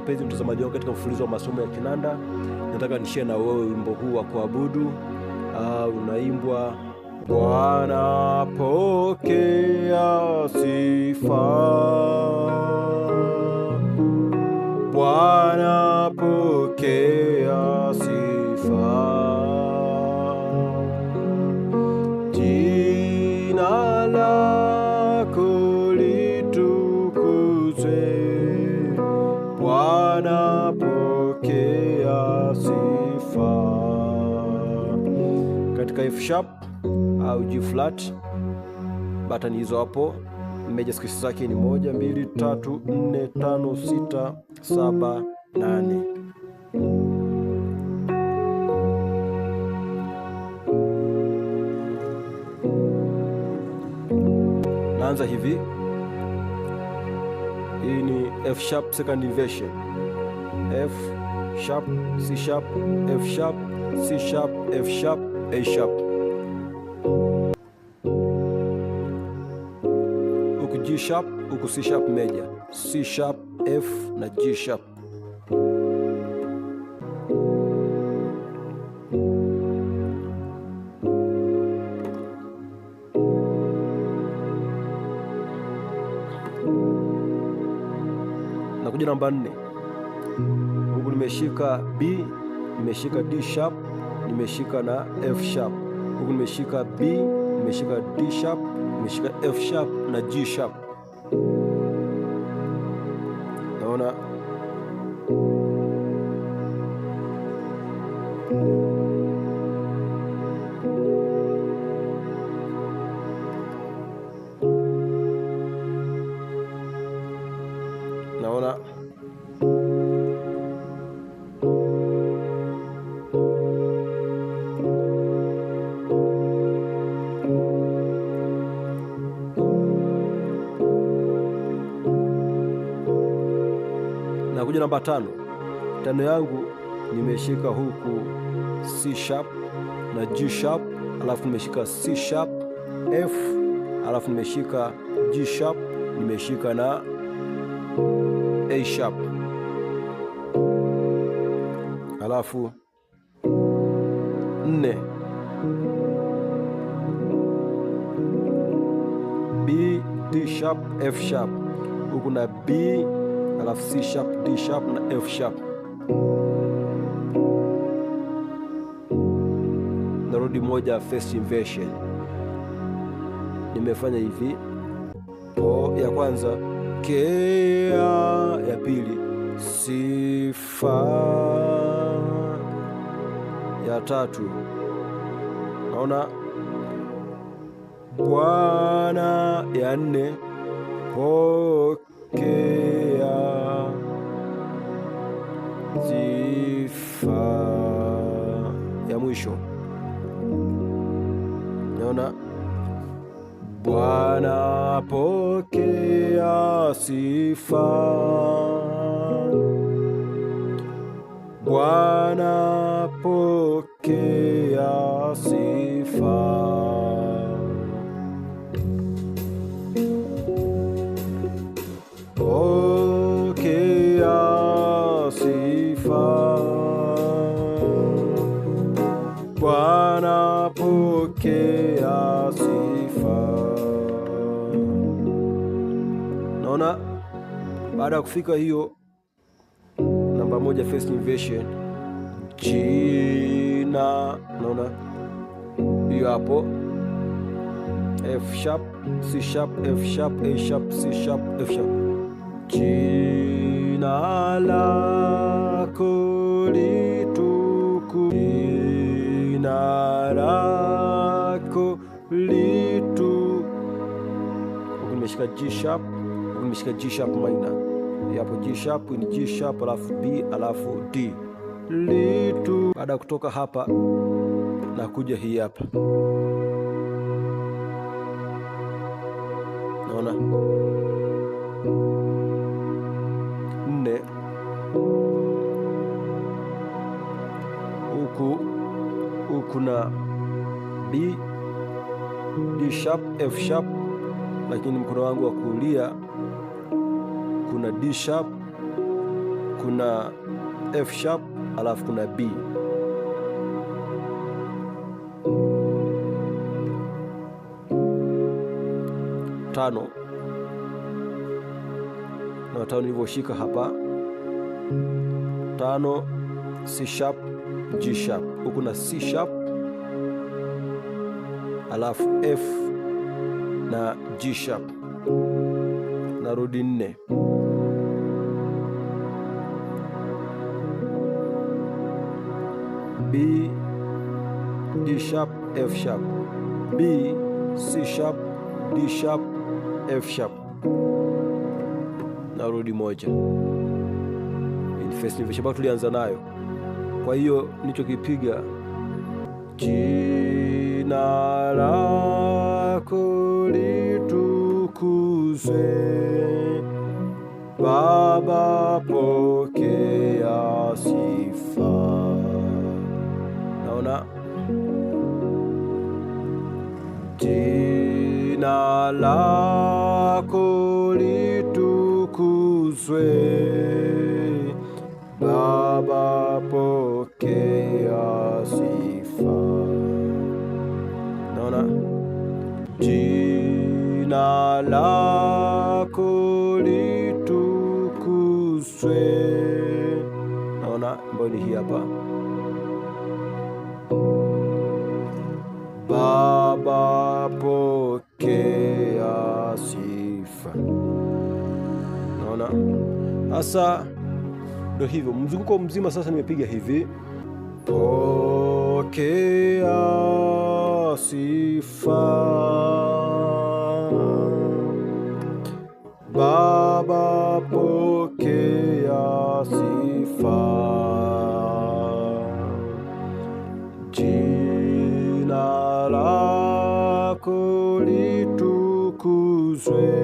mpenzi mtazamaji wangu katika mfululizo wa masomo ya kinanda, nataka nishie na wewe wimbo huu wa kuabudu. Uh, unaimbwa Bwana pokea sifa, Bwana pokea sifa kupokea sifa katika F sharp au G flat. button hizo hapo, meja skisi zake ni moja, mbili, tatu, nne, tano, sita, saba, nane. Naanza hivi, hii ni F sharp second inversion. F sharp C sharp F sharp C sharp F sharp A sharp. Uku G sharp, uku C sharp meja, C sharp F na G sharp. Nakuja namba nne nimeshika B, nimeshika D sharp, nimeshika na F sharp. Huku nimeshika B, nimeshika D sharp, nimeshika F sharp na G sharp. Naona inakuja namba tano. Tano yangu nimeshika huku C sharp na G sharp, alafu nimeshika C sharp F, alafu nimeshika G sharp, nimeshika na A sharp, alafu nne B D sharp F sharp huku na B alafu C sharp, D sharp na F sharp. Narudi moja first inversion, nimefanya hivi o ya kwanza kea, ya pili sifa, ya tatu naona Bwana, ya nne pokea sifa ya mwisho naona Bwana pokea sifa, Bwana pokea sifa. anapokea sifa. Naona baada ya kufika hiyo namba moja, first inversion china, naona hiyo hapo F sharp, C sharp, F sharp, A sharp, C sharp, F sharp. Jina lako litukuzwe nimeshika G sharp, huku nimeshika G sharp minor. Hapo G sharp ni G sharp alafu B alafu D litu. Baada kutoka hapa na kuja hii hapa, naona nne huku huku na B D sharp F sharp lakini mkono wangu wa kulia kuna D sharp, kuna F sharp, alafu kuna B. Tano na tano nilivyoshika hapa, tano C sharp, G sharp, huku na C sharp alafu F na G sharp, narudi nne B D sharp F sharp B C sharp D sharp F sharp, narudi moja. Infesi nivyoshaba tulianza nayo, kwa hiyo nilichokipiga jina la tuze. Baba, pokea sifa. Naona jina lako litukuzwe, Baba, pokea sifa. Naona jina Jina lako litukuzwe. Naona mboni hii hapa. Baba, pokea sifa. Naona hasa ndo hivyo, mzunguko mzima sasa nimepiga hivi, pokea sifa free.